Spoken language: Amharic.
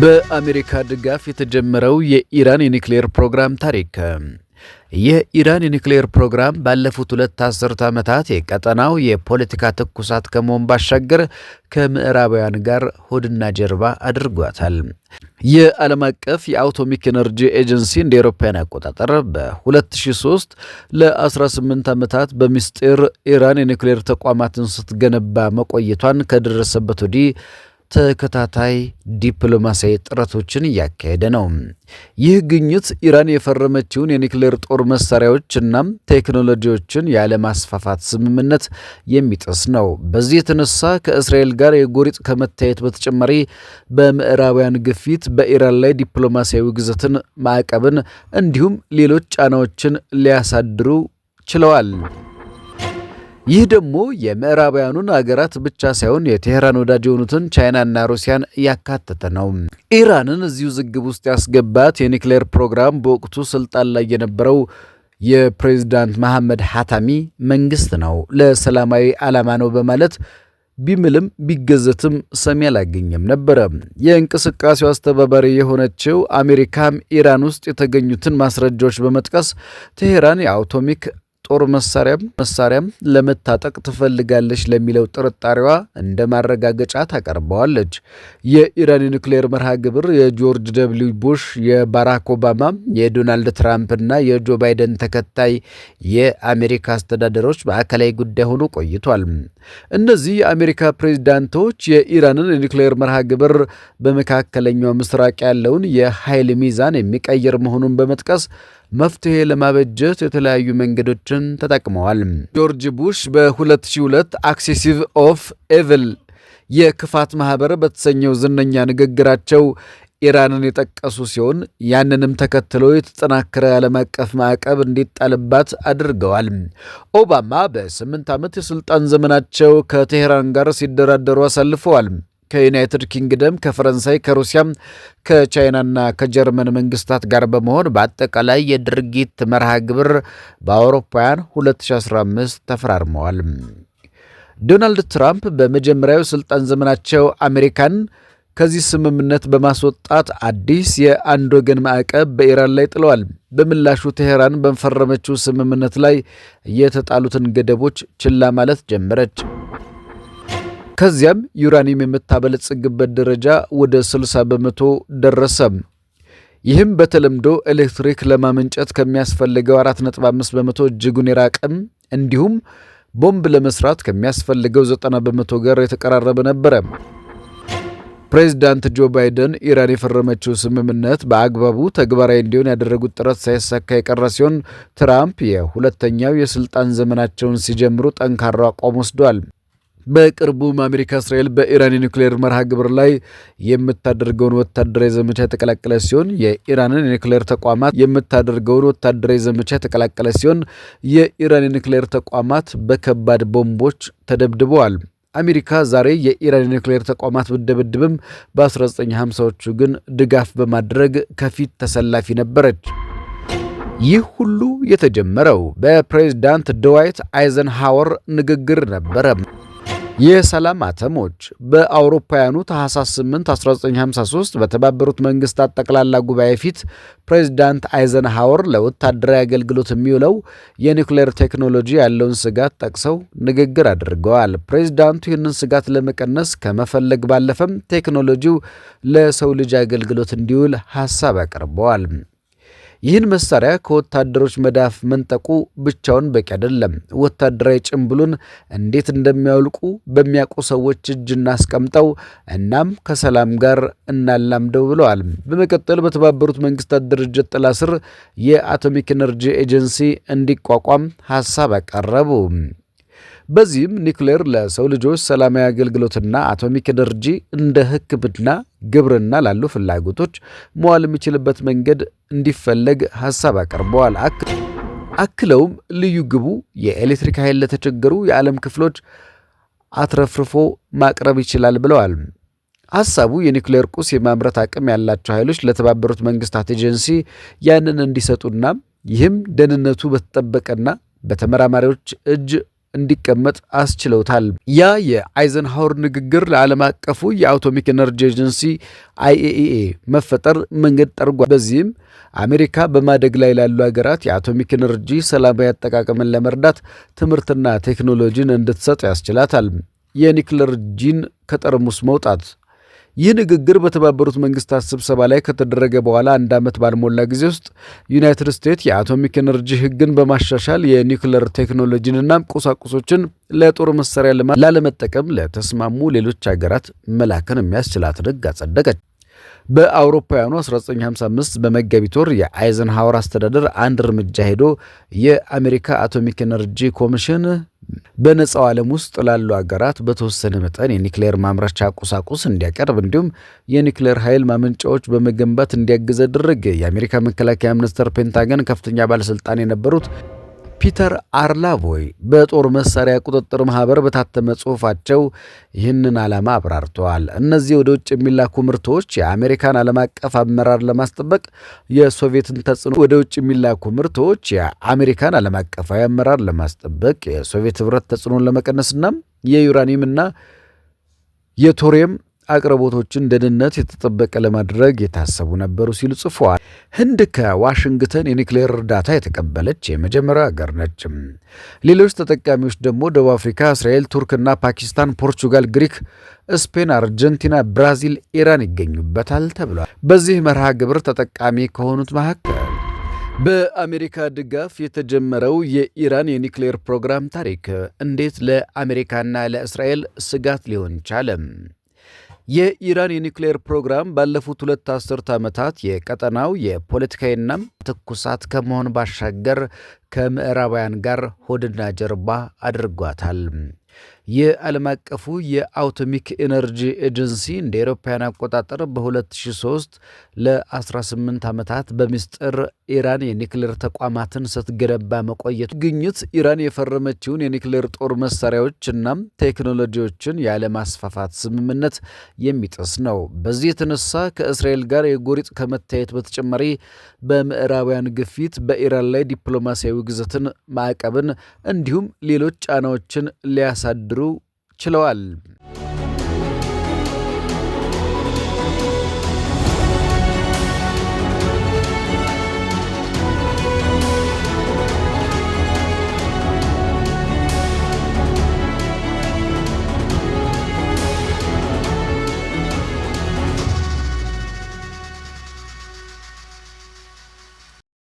በአሜሪካ ድጋፍ የተጀመረው የኢራን የኒክሌር ፕሮግራም ታሪክ። የኢራን የኒክሌር ፕሮግራም ባለፉት ሁለት አስርተ ዓመታት የቀጠናው የፖለቲካ ትኩሳት ከመሆን ባሻገር ከምዕራባውያን ጋር ሆድና ጀርባ አድርጓታል። የዓለም አቀፍ የአውቶሚክ ኤነርጂ ኤጀንሲ እንደ አውሮፓውያን አቆጣጠር በ2003 ለ18 ዓመታት በሚስጢር ኢራን የኒክሌር ተቋማትን ስትገነባ መቆየቷን ከደረሰበት ወዲህ ተከታታይ ዲፕሎማሲያዊ ጥረቶችን እያካሄደ ነው። ይህ ግኝት ኢራን የፈረመችውን የኒክሌር ጦር መሳሪያዎችና ቴክኖሎጂዎችን ያለማስፋፋት ስምምነት የሚጥስ ነው። በዚህ የተነሳ ከእስራኤል ጋር የጎሪጥ ከመታየት በተጨማሪ በምዕራባውያን ግፊት በኢራን ላይ ዲፕሎማሲያዊ ግዘትን፣ ማዕቀብን እንዲሁም ሌሎች ጫናዎችን ሊያሳድሩ ችለዋል። ይህ ደግሞ የምዕራባውያኑን አገራት ብቻ ሳይሆን የቴህራን ወዳጅ የሆኑትን ቻይናና ሩሲያን ያካተተ ነው። ኢራንን እዚሁ ዝግብ ውስጥ ያስገባት የኒክሌር ፕሮግራም በወቅቱ ስልጣን ላይ የነበረው የፕሬዚዳንት መሐመድ ሐታሚ መንግስት ነው። ለሰላማዊ ዓላማ ነው በማለት ቢምልም ቢገዘትም ሰሚ አላገኘም ነበረ። የእንቅስቃሴው አስተባባሪ የሆነችው አሜሪካም ኢራን ውስጥ የተገኙትን ማስረጃዎች በመጥቀስ ቴሄራን የአውቶሚክ ጦር መሳሪያም መሳሪያም ለመታጠቅ ትፈልጋለች ለሚለው ጥርጣሬዋ እንደ ማረጋገጫ ታቀርበዋለች። የኢራን የኒውክሌር መርሃ ግብር የጆርጅ ደብሊው ቡሽ፣ የባራክ ኦባማ፣ የዶናልድ ትራምፕና የጆ ባይደን ተከታይ የአሜሪካ አስተዳደሮች ማዕከላዊ ጉዳይ ሆኖ ቆይቷል። እነዚህ የአሜሪካ ፕሬዚዳንቶች የኢራንን የኒክሌር መርሃ ግብር በመካከለኛው ምስራቅ ያለውን የኃይል ሚዛን የሚቀይር መሆኑን በመጥቀስ መፍትሄ ለማበጀት የተለያዩ መንገዶችን ተጠቅመዋል። ጆርጅ ቡሽ በ2002 አክሴሲቭ ኦፍ ኤቭል የክፋት ማኅበር በተሰኘው ዝነኛ ንግግራቸው ኢራንን የጠቀሱ ሲሆን ያንንም ተከትሎ የተጠናከረ ዓለም አቀፍ ማዕቀብ እንዲጣልባት አድርገዋል። ኦባማ በስምንት ዓመት የሥልጣን ዘመናቸው ከቴሄራን ጋር ሲደራደሩ አሳልፈዋል። ከዩናይትድ ኪንግደም፣ ከፈረንሳይ፣ ከሩሲያ፣ ከቻይናና ከጀርመን መንግስታት ጋር በመሆን በአጠቃላይ የድርጊት መርሃ ግብር በአውሮፓውያን 2015 ተፈራርመዋል። ዶናልድ ትራምፕ በመጀመሪያው ስልጣን ዘመናቸው አሜሪካን ከዚህ ስምምነት በማስወጣት አዲስ የአንድ ወገን ማዕቀብ በኢራን ላይ ጥለዋል። በምላሹ ቴሄራን በፈረመችው ስምምነት ላይ የተጣሉትን ገደቦች ችላ ማለት ጀመረች። ከዚያም ዩራኒየም የምታበለጽግበት ደረጃ ወደ 60 በመቶ ደረሰ። ይህም በተለምዶ ኤሌክትሪክ ለማመንጨት ከሚያስፈልገው 4.5 በመቶ እጅጉን የራቀም እንዲሁም ቦምብ ለመስራት ከሚያስፈልገው 90 በመቶ ጋር የተቀራረበ ነበረ። ፕሬዚዳንት ጆ ባይደን ኢራን የፈረመችው ስምምነት በአግባቡ ተግባራዊ እንዲሆን ያደረጉት ጥረት ሳይሳካ የቀረ ሲሆን ትራምፕ የሁለተኛው የስልጣን ዘመናቸውን ሲጀምሩ ጠንካራ አቋም ወስዷል። በቅርቡም አሜሪካ እስራኤል በኢራን የኒውክሌር መርሃ ግብር ላይ የምታደርገውን ወታደራዊ ዘመቻ የተቀላቀለ ሲሆን የኢራንን የኒውክሌር ተቋማት የምታደርገውን ወታደራዊ ዘመቻ የተቀላቀለ ሲሆን የኢራን የኒውክሌር ተቋማት በከባድ ቦምቦች ተደብድበዋል። አሜሪካ ዛሬ የኢራን የኒውክሌር ተቋማት ብደበድብም በ1950ዎቹ ግን ድጋፍ በማድረግ ከፊት ተሰላፊ ነበረች። ይህ ሁሉ የተጀመረው በፕሬዝዳንት ድዋይት አይዘንሃወር ንግግር ነበረ። የሰላም አተሞች በአውሮፓውያኑ ታህሳስ 8 1953 በተባበሩት መንግስታት ጠቅላላ ጉባኤ ፊት ፕሬዚዳንት አይዘንሃወር ለወታደራዊ አገልግሎት የሚውለው የኒውክሌር ቴክኖሎጂ ያለውን ስጋት ጠቅሰው ንግግር አድርገዋል። ፕሬዚዳንቱ ይህንን ስጋት ለመቀነስ ከመፈለግ ባለፈም ቴክኖሎጂው ለሰው ልጅ አገልግሎት እንዲውል ሀሳብ አቅርበዋል። ይህን መሳሪያ ከወታደሮች መዳፍ መንጠቁ ብቻውን በቂ አይደለም። ወታደራዊ ጭምብሉን እንዴት እንደሚያውልቁ በሚያውቁ ሰዎች እጅ እናስቀምጠው፣ እናም ከሰላም ጋር እናላምደው ብለዋል። በመቀጠል በተባበሩት መንግስታት ድርጅት ጥላ ስር የአቶሚክ ኤነርጂ ኤጀንሲ እንዲቋቋም ሀሳብ አቀረቡ። በዚህም ኒውክሌር ለሰው ልጆች ሰላማዊ አገልግሎትና አቶሚክ ኤነርጂ እንደ ሕክምና፣ ግብርና ላሉ ፍላጎቶች መዋል የሚችልበት መንገድ እንዲፈለግ ሀሳብ አቅርበዋል። አክለውም ልዩ ግቡ የኤሌክትሪክ ኃይል ለተቸገሩ የዓለም ክፍሎች አትረፍርፎ ማቅረብ ይችላል ብለዋል። ሐሳቡ የኒውክሌር ቁስ የማምረት አቅም ያላቸው ኃይሎች ለተባበሩት መንግስታት ኤጀንሲ ያንን እንዲሰጡና ይህም ደህንነቱ በተጠበቀና በተመራማሪዎች እጅ እንዲቀመጥ አስችለውታል። ያ የአይዘንሃወር ንግግር ለዓለም አቀፉ የአቶሚክ ኤነርጂ ኤጀንሲ አይኤኢኤ መፈጠር መንገድ ጠርጓል። በዚህም አሜሪካ በማደግ ላይ ላሉ ሀገራት የአቶሚክ ኤነርጂ ሰላማዊ አጠቃቀምን ለመርዳት ትምህርትና ቴክኖሎጂን እንድትሰጥ ያስችላታል። የኒክለር ጂን ከጠርሙስ መውጣት ይህ ንግግር በተባበሩት መንግስታት ስብሰባ ላይ ከተደረገ በኋላ አንድ ዓመት ባልሞላ ጊዜ ውስጥ ዩናይትድ ስቴትስ የአቶሚክ ኤነርጂ ህግን በማሻሻል የኒውክለር ቴክኖሎጂንና ቁሳቁሶችን ለጦር መሳሪያ ላለመጠቀም ለተስማሙ ሌሎች ሀገራት መላክን የሚያስችላት ሕግ አጸደቀች። በአውሮፓውያኑ 1955 በመጋቢት ወር የአይዘንሃወር አስተዳደር አንድ እርምጃ ሄዶ የአሜሪካ አቶሚክ ኤነርጂ ኮሚሽን በነፃው ዓለም ውስጥ ላሉ አገራት በተወሰነ መጠን የኒክሌር ማምረቻ ቁሳቁስ እንዲያቀርብ እንዲሁም የኒክሌር ኃይል ማመንጫዎች በመገንባት እንዲያግዝ አደረገ። የአሜሪካ መከላከያ ሚኒስቴር ፔንታገን ከፍተኛ ባለስልጣን የነበሩት ፒተር አርላቮይ በጦር መሳሪያ ቁጥጥር ማህበር በታተመ ጽሑፋቸው ይህንን ዓላማ አብራርተዋል። እነዚህ ወደ ውጭ የሚላኩ ምርቶች የአሜሪካን ዓለም አቀፍ አመራር ለማስጠበቅ የሶቪየትን ተጽዕኖ ወደ ውጭ የሚላኩ ምርቶች የአሜሪካን ዓለም አቀፋዊ አመራር ለማስጠበቅ የሶቪየት ህብረት ተጽዕኖን ለመቀነስና የዩራኒየምና የቶሪየም አቅርቦቶችን ደህንነት የተጠበቀ ለማድረግ የታሰቡ ነበሩ ሲሉ ጽፈዋል። ህንድ ከዋሽንግተን የኒክሌር እርዳታ የተቀበለች የመጀመሪያ ሀገር ነች። ሌሎች ተጠቃሚዎች ደግሞ ደቡብ አፍሪካ፣ እስራኤል፣ ቱርክና ፓኪስታን፣ ፖርቹጋል፣ ግሪክ፣ ስፔን፣ አርጀንቲና፣ ብራዚል፣ ኢራን ይገኙበታል ተብሏል። በዚህ መርሃ ግብር ተጠቃሚ ከሆኑት መካከል በአሜሪካ ድጋፍ የተጀመረው የኢራን የኒክሌር ፕሮግራም ታሪክ እንዴት ለአሜሪካና ለእስራኤል ስጋት ሊሆን ቻለም? የኢራን የኒውክሌር ፕሮግራም ባለፉት ሁለት አስርት ዓመታት የቀጠናው የፖለቲካዊና ትኩሳት ከመሆን ባሻገር ከምዕራባውያን ጋር ሆድና ጀርባ አድርጓታል። የዓለም አቀፉ የአቶሚክ ኤነርጂ ኤጀንሲ እንደ ኤሮፓያን አቆጣጠር በ2003 ለ18 ዓመታት በምስጢር ኢራን የኒክሌር ተቋማትን ስትገነባ መቆየቱ ግኝት ኢራን የፈረመችውን የኒክሌር ጦር መሳሪያዎች እናም ቴክኖሎጂዎችን ያለማስፋፋት ስምምነት የሚጥስ ነው። በዚህ የተነሳ ከእስራኤል ጋር የጎሪጥ ከመታየት በተጨማሪ በምዕራባውያን ግፊት በኢራን ላይ ዲፕሎማሲያዊ ግዘትን፣ ማዕቀብን እንዲሁም ሌሎች ጫናዎችን ሊያሳድሩ ሊጀምሩ ችለዋል።